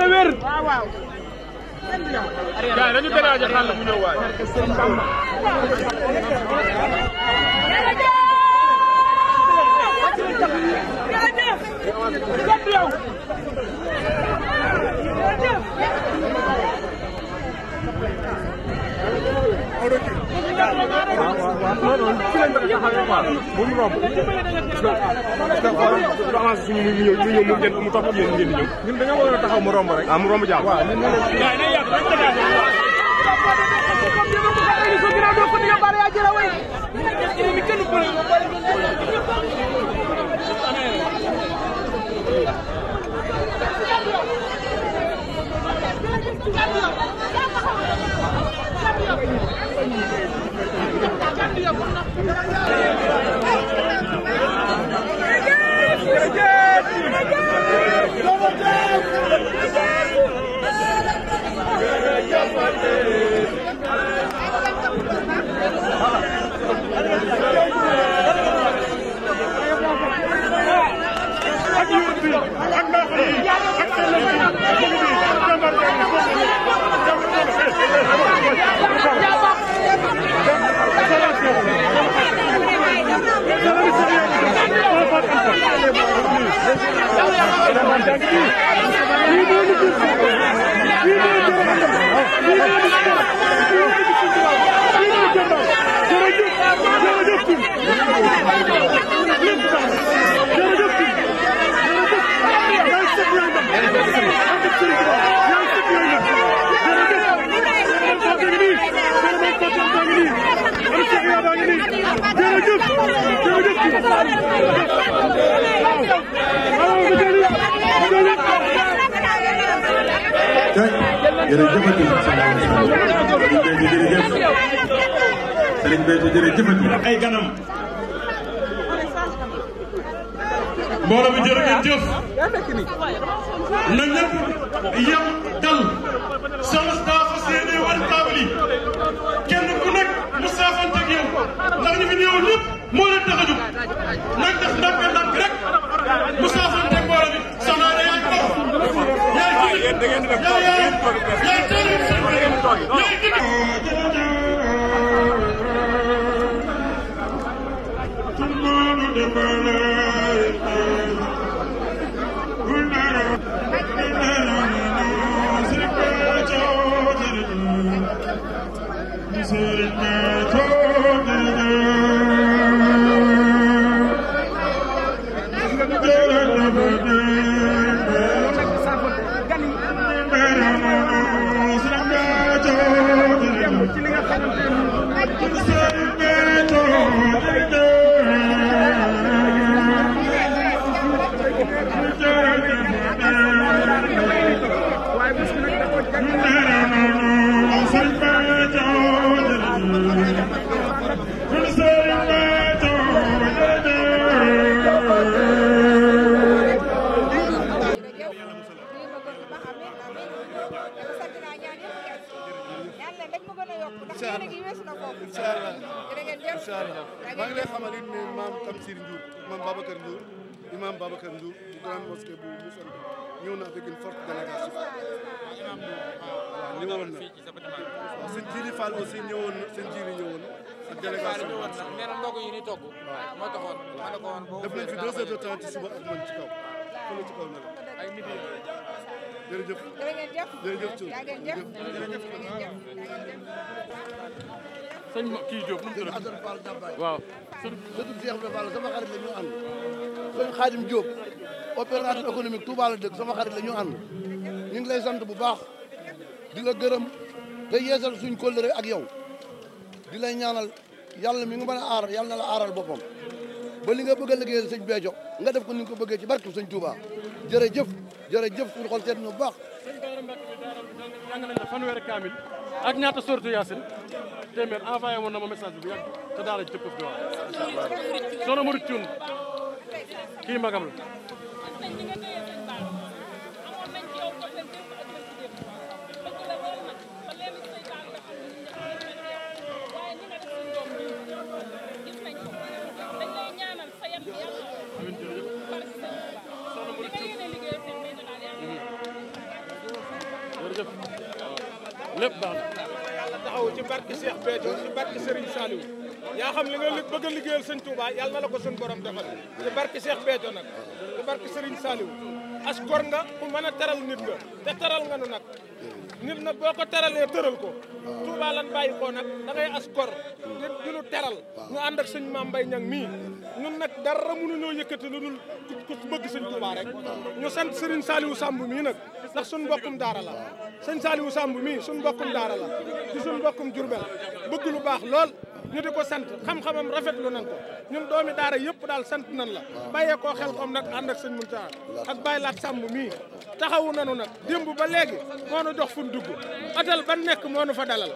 te wér. waaw waaw. gars yi dañu dégager xàll bu ñëw waay. jërëjëf. jërëjëf. quoi bu mu romb parce que xool avance suñu ñu ñëw ñu ñëw mu ngeen mu topp yéen ngeen di ñëw ñun dañoo war a taxaw mu romb rek ah mu romb jàll waaw ñun ñu jërëjëfati Serigne Béthio jërëjëfati ay ganam mbooloo mi jërëngeen jëf na ñëpp yem dal sama staff seene war taabal yi kenn ku nekk mu saafante ak yow ndax ñu fi néew lépp moo leen tax a jóg nag def ndànk da ngeen di def da ngeen di toog da ngeen di toog non Sir Ndiour imam Babacar Ndiour imam Babacar Ndiour bu grande mosquée bu bu sant ñëw na avec une forte délégation. waaw ñëwoon na waaw sëñ Jili Fall aussi ñëwoon na sëñ Jili ñëwoon na ak délégation bi. waaw moo taxoon maa ko woon boo. def nañ fi deux heures de temps ci suba ak man ci kaw fële ci kaw na la. jërëjëf jërëjëf jërëjëf sëñ ma kii Diop nu mu tudd. Assane Fall Dabay. waaw. sëñ bi Cheikh Ibrahima Fall sama xarit la ñu ànd. dëkk sama xarit la ñu ànd ñu ngi lay sant bu baax di la gërëm te yeesal suñ kóllëre ak yow di lay ñaanal yàlla mi nga mën a aar yàlla na la aaral boppam ba li nga bëgg a liggéeyal sëñ Béthio nga def ko ni nga ko bëggee ci barke sëñ Touba jërëjëf. jërëjëf suñu xol seet ñu baax sëñ Baara Mbacke bi daaral bi jàng nañ la fanweeri kaamil ak ñaata sortu Yaasin téeméer envoyé woon na ma message bi bu yàgg te daara ji tëkkuf di wax soxna Modou Thioune kii magam la lépp baax na yàlla taxaw ci barke Cheikh Béthio ci barke Serigne Saliou yaa xam li nga bëgg a liggéeyal sëñ Touba yàlla na la ko suñ borom defal ci barke Cheikh Béthio nag ci barke Serigne Saliou as gor nga ku mën a teral nit nga te teral nga nu nag nit nag boo ko teral teralee tëral ko Touba lan bàyyi koo nag da as gor nit di teral ñu ànd ak sëñ Mame Mbaye Niang mii ñun nag dara mënuñoo yëkkati lu dul ku bëgg sëñ Touba rek ñu sant Serigne Saliou Samb mii nag ndax suñ mbokkum daara la sëñ Saliou Samb mii suñ mbokkum daara la di suñ mbokkum Jurbel bëgg lu baax lool ñu di ko sant xam-xamam lu nañ ko ñun doomi daara yëpp daal sant nañ la bàyyee koo xel xom nag ànd ak sëñ Muntaxa ak bàyyi laat Samb mii taxawu nanu ba léegi moo nu jox fu nu atal ban nekk moo nu fa dalal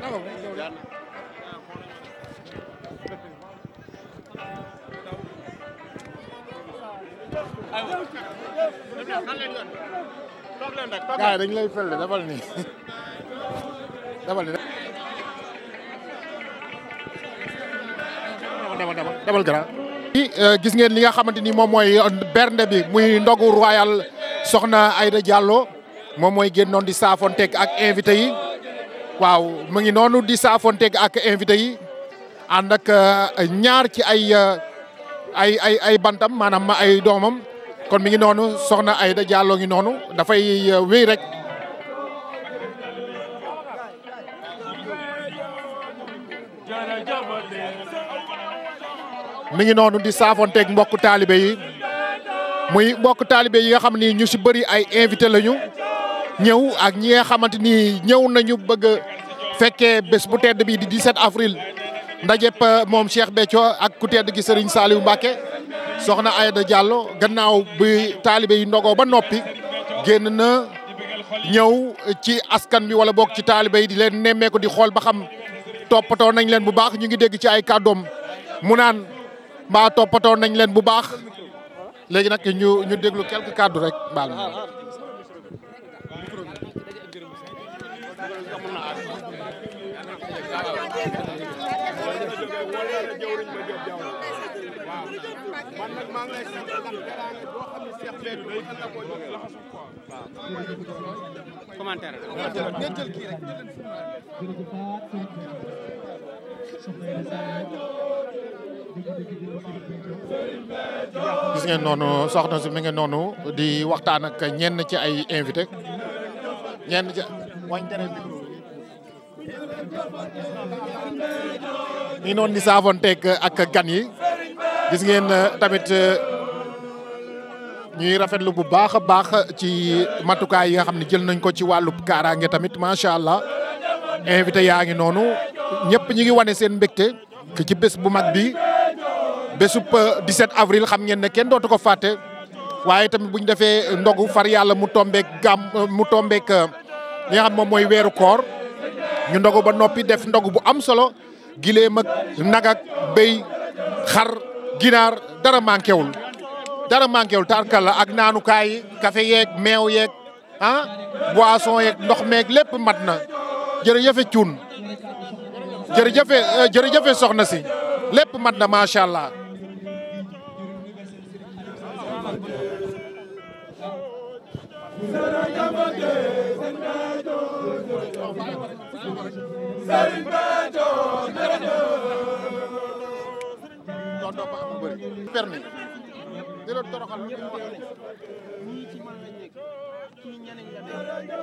ah gars dañ lay felle dafal ni dafal ni dama dama gis ngeen li nga xamante ni moom mooy euh, bernde bi muy ndogu royal soxna Aïda jàllo moom mooy génnoon di saafonteeg ak invité yi waaw mu ngi noonu di saafonteeg ak invité yi ànd ak euh, ñaar ci ay euh, ay ay ay bantam maanaam ay doomam kon mi ngi noonu soxna ay Diallo ngi noonu dafay euh, wéy rek mi ngi noonu di saafonteeg mbokku taalibe yi muy mbokku taalibe yi nga xam ni ñu si bari ay invité lañu ñëw ak ñi nga xamante ni ñëw nañu bëgg a fekkee bés bu tedd bi di 17 avril ndajëpp moom Cheikh Béthio ak ku tedd gi Serigne Saliou Mbacké soxna Aïda Diallo gannaaw bi taalibe yi ndogoo ba noppi génn na ñëw ci askan bi wala boog ci taalibe yi di leen nemmeeku di xool ba xam toppatoo nañ leen bu baax ñu ngi dégg ci ay kàddoom mu naan mbaa toppatoo nañ leen bu baax léegi nag ñu ñu déglu quelques kàddu rek mbaal maa ngeen gis ngeen noonu soxna si mi ngeen noonu di waxtaan ak ñenn ci ay invité ñenn ci ñi noonu di saavonteeg ak gan yi. gis ngeen euh, tamit euh, ñuy rafetlu bu baax a baax ci matukaay yi nga xam ne jël nañ ko ci wàllu kaaraange tamit macha allah invité yaa ngi noonu ñëpp ñi ngi wane seen mbégte que ci bés bu mag bi bésub 17 euh, avril xam ngeen ne kenn dootu ko fàtte waaye tamit bu ñu defee ndogu far yàlla mu tombeek gam mu tombeek li moom mooy weeru koor ñu ndogu ba noppi def ndogu bu am solo gileem ak nag ak xar ginaar dara manqué wul dara manqué wul tarkalla ak naanukaay yi café yeeg meew yeeg ah boisson yeeg ndox meeg lépp mat na jërëjëfe cuun jërëjëfe euh, jërëjëfe soxna si lépp mat na macha allah. doo ko am bëri permis di la toroxal lu ñu wax ñii ci man lañ nekk ci ñeneen la ñëpp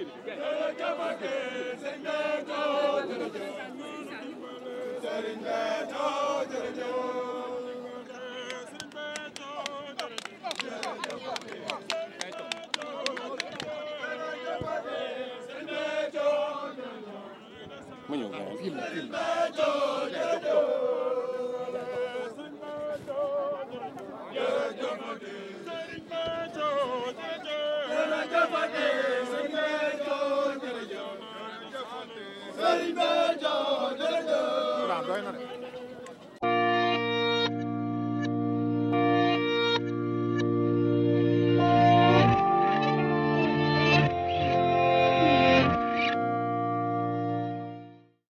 mu ñëw gàncax gi mu ngi. jërëjëf Serigne Béthio jërëjëf